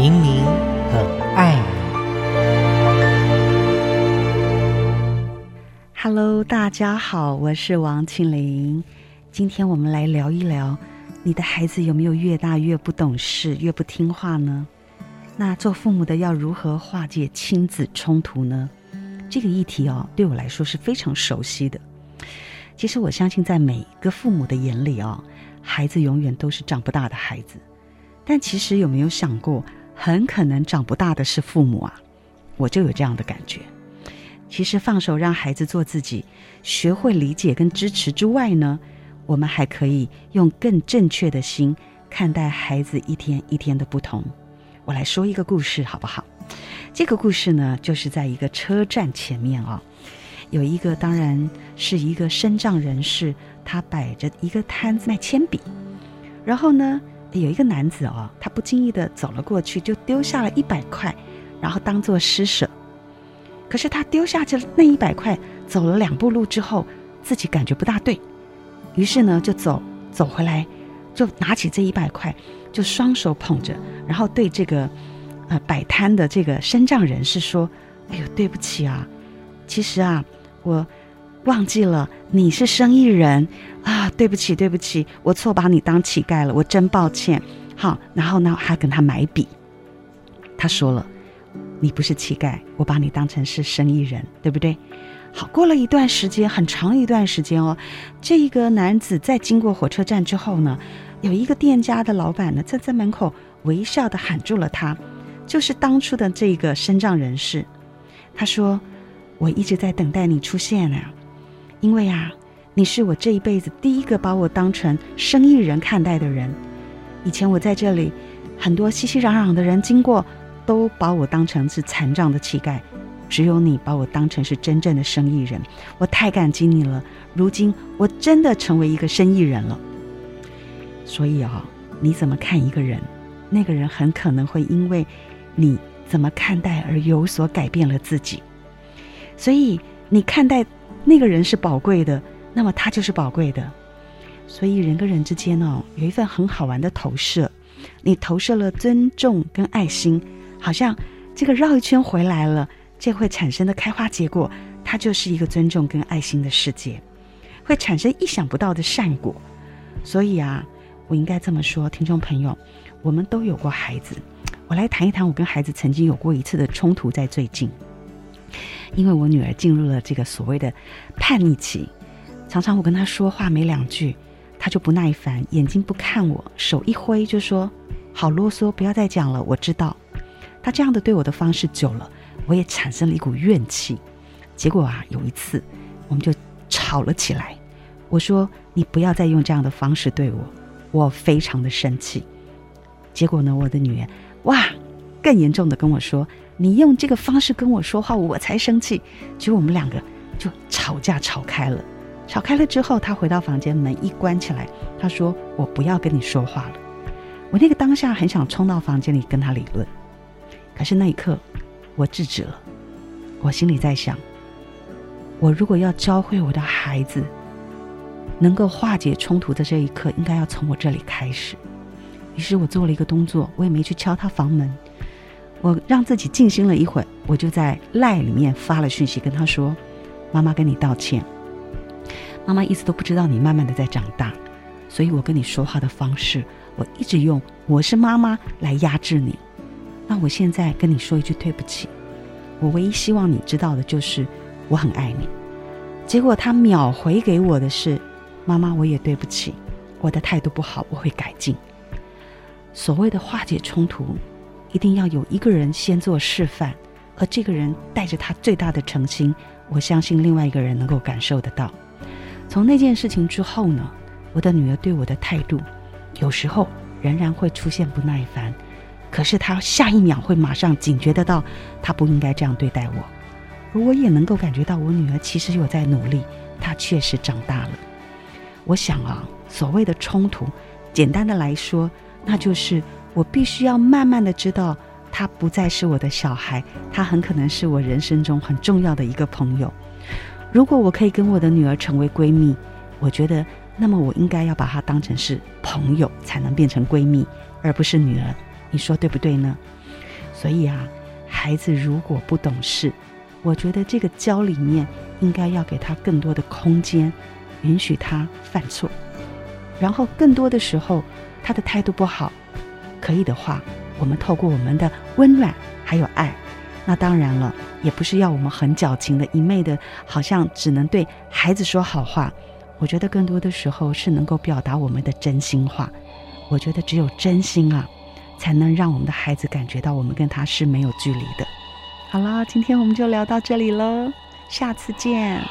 明明很愛你。Hello，大家好，我是王慶玲。今天我們來聊一聊，你的孩子有沒有越大越不懂事，越不聽話呢？那做父母的要如何化解親子衝突呢？這個議題哦，對我來說是非常熟悉的。其實我相信，在每個父母的眼裡哦，孩子永遠都是長不大的孩子。但其實有沒有想過？很可能長不大的是父母啊，我就有這樣的感覺。其實放手讓孩子做自己，學會理解跟支持之外呢，我們還可以用更正確的心看待孩子一天一天的不同。我來說一個故事好不好？這個故事呢，就是在一個車站前面哦，有一個當然是一個身障人士，他擺着一個攤子賣鉛筆，然後呢。有一個男子哦，他不經意地走了過去，就丟下了一百塊，然後當做施捨。可是他丟下這那一百塊，走了兩步路之後，自己感覺不大對，於是呢就走走回來，就拿起這一百塊，就雙手捧着，然後對這個，呃，擺攤的這個身障人士說：“哎呦，對不起啊，其實啊，我。”忘記了你是生意人啊！對不起，對不起，我錯把你當乞丐了，我真抱歉。好，然後呢，還跟他買筆。他說了：“你不是乞丐，我把你當成是生意人，對不對？”好，過了一段時間，很長一段時間哦。這一個男子在經過火車站之後呢，有一個店家的老闆呢站在門口微笑地喊住了他，就是當初的這個身障人士。他說：“我一直在等待你出現呢、啊。”因為啊，你是我這一輩子第一個把我當成生意人看待的人。以前我在這裡，很多熙熙攘攘的人經過，都把我當成是殘障的乞丐，只有你把我當成是真正的生意人，我太感激你了。如今我真的成為一個生意人了。所以啊，你怎麼看一個人，那個人很可能會因為你怎麼看待而有所改變了自己。所以你看待。那個人是寶貴的，那麼他就是寶貴的。所以人跟人之間哦，有一份很好玩的投射，你投射了尊重跟愛心，好像這個繞一圈回來了，這會產生的開花結果，它就是一個尊重跟愛心的世界，會產生意想不到的善果。所以啊，我應該這麼說，聽眾朋友，我們都有過孩子，我來談一談我跟孩子曾經有過一次的衝突，在最近。因為我女兒進入了這個所謂的叛逆期，常常我跟她說話沒兩句，她就不耐煩，眼睛不看我，手一揮就說：“好囉嗦，不要再講了，我知道。”她這樣的對我的方式久了，我也產生了一股怨氣。結果啊，有一次我們就吵了起來。我說：“你不要再用這樣的方式對我，我非常的生氣。”結果呢，我的女兒，哇！更嚴重的跟我說：“你用這個方式跟我說話，我才生氣。”結果我們兩個就吵架吵開了。吵開了之後，他回到房間，門一關起來，他說：“我不要跟你說話了。”我那個當下很想衝到房間裡跟他理論，可是那一刻我制止了。我心裡在想：我如果要教會我的孩子能夠化解衝突的這一刻，應該要從我這裡開始。於是我做了一個動作，我也沒去敲他房門。我讓自己靜心了一會兒，我就在 LINE 裡面發了訊息，跟他說：“媽媽跟你道歉。媽媽一直都不知道你慢慢的在長大，所以我跟你說話的方式，我一直用我是媽媽來壓制你。那我現在跟你說一句對不起。我唯一希望你知道的就是我很愛你。結果他秒回給我的是：媽媽我也對不起，我的態度不好，我會改進。所謂的化解衝突。”一定要有一個人先做示範，而這個人帶着他最大的誠心，我相信另外一個人能夠感受得到。從那件事情之後呢，我的女兒對我的態度，有時候仍然會出現不耐煩，可是她下一秒會馬上警覺得到，她不應該這樣對待我，而我也能夠感覺到，我女兒其實有在努力，她確實長大了。我想啊，所謂的衝突，簡單的來說，那就是。我必須要慢慢地知道，他不再是我的小孩，他很可能是我人生中很重要的一個朋友。如果我可以跟我的女兒成為閨蜜，我覺得那麼我應該要把她當成是朋友才能變成閨蜜，而不是女兒。你說對不對呢？所以啊，孩子如果不懂事，我覺得這個教裡面應該要給他更多的空間，允許他犯錯，然後更多的時候他的態度不好。可以的話，我們透過我們的溫暖還有愛，那當然了，也不是要我們很矯情的一昧的，好像只能對孩子說好話。我覺得更多的時候是能夠表達我們的真心話。我覺得只有真心啊，才能讓我們的孩子感覺到我們跟他是沒有距離的。好了，今天我們就聊到這裡嘍，下次見。